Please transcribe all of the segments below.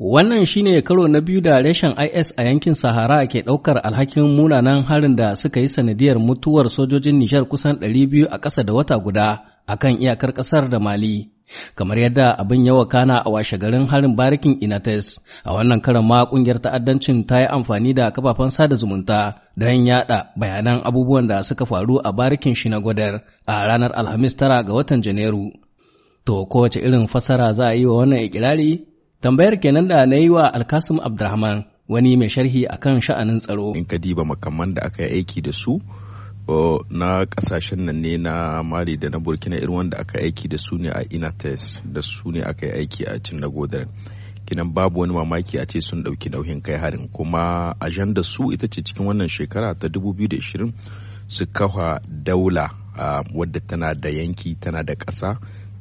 Wannan shi ne karo na biyu da reshen IS a yankin Sahara ke ɗaukar alhakin munanan harin da suka yi sanadiyar mutuwar sojojin Nijar kusan 200 a ƙasa da wata guda a kan iyakar ƙasar da Mali. Kamar yadda abin ya wa-kana a washe garin harin barikin Inates, a wannan karan ma ƙungiyar ta'addancin ta yi amfani da kafafen sada zumunta don yaɗa bayanan abubuwan da suka faru a barikin shi na gwadar a ranar Alhamis tara ga watan Janairu. To kowace irin fasara za a yi wa wannan ikirari? Tambayar kenan da na yi wa Alkasim Abdurrahman wani mai sharhi a kan sha'anin tsaro. In ka diba makamman da aka yi aiki da su na kasashen nan ne na Mali da na Burkina irin wanda aka yi aiki da su ne a Inates da su ne aka yi aiki a cin Nagodar. kinan babu wani mamaki a ce sun ɗauki nauyin kai harin kuma ajandar su ita ce cikin wannan shekara ta 2020 su kafa daula wadda tana da yanki tana da ƙasa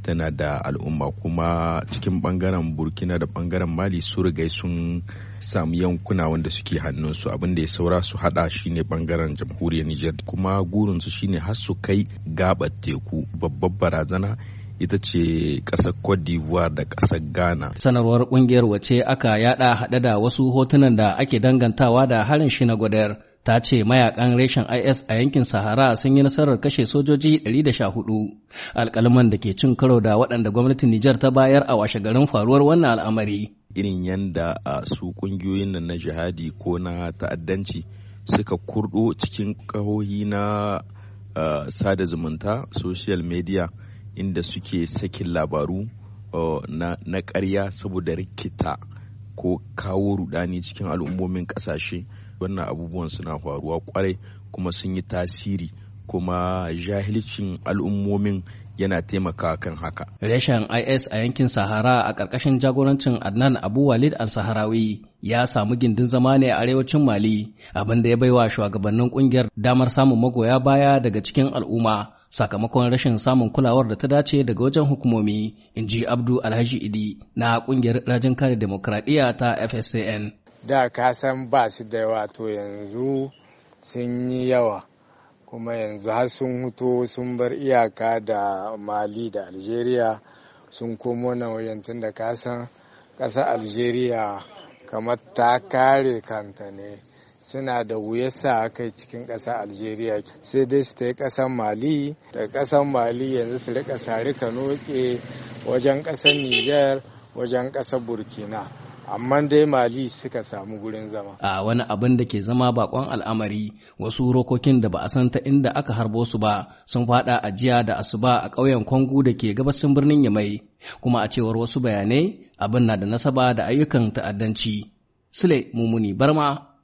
tana da al'umma kuma cikin bangaren burkina da bangaren mali su rigai sun samu yankuna wanda suke hannunsu abin da ya saura su hada shine bangaren jamhuriyar niger kuma gurinsu shine har su kai gabar teku babbar barazana ita ce ƙasar Cote d'Ivoire da ƙasar Ghana. Sanarwar ƙungiyar wace aka yada haɗe da wasu hotunan da ake dangantawa da harin shi na gwadayar ta ce mayakan reshen IS a yankin Sahara sun yi nasarar kashe sojoji 114 alkalaman da ke cin karo da waɗanda gwamnatin Nijar ta bayar a washe garin faruwar wannan al'amari. Irin yanda a su ƙungiyoyin nan na jihadi ko na ta'addanci suka kurɗo cikin kahohi na sada zumunta social media inda suke sakin labaru na ƙarya saboda rikita. ko kawo rudani cikin al'ummomin kasashe wannan abubuwan suna faruwa kwarai kuma sun yi tasiri kuma jahilcin al'ummomin yana taimaka kan haka. Reshen IS a yankin Sahara a ƙarƙashin jagorancin Adnan Abu Walid al-Saharawi ya samu gindin zama ne a arewacin Mali, abinda da ya baiwa shugabannin ƙungiyar damar samun magoya baya daga cikin al'umma. sakamakon rashin samun kulawar da ta dace daga wajen hukumomi in ji abdu alhaji idi na kungiyar rajin kare demokradiyya ta fscn da ka san ba su da yawa to yanzu sun yi yawa kuma yanzu har sun hutu sun bar iyaka da mali da algeria sun komo na wayantun da ka san ƙasar algeria kamar ta kare kanta ne suna da wuya sa kai cikin ƙasa algeria sai dai su yi ƙasar mali da ƙasar mali yanzu su rika sari ka noke wajen ƙasar niger wajen ƙasar burkina amma dai mali suka samu gurin zama. A wani abin da ke zama bakon al'amari wasu rokokin da ba a san ta inda aka harbo su ba sun fada a jiya da asuba a ƙauyen Kwangu da ke gabashin birnin Yamai kuma a cewar wasu bayanai abin na da nasaba da ayyukan ta'addanci. Sule Mumuni Barma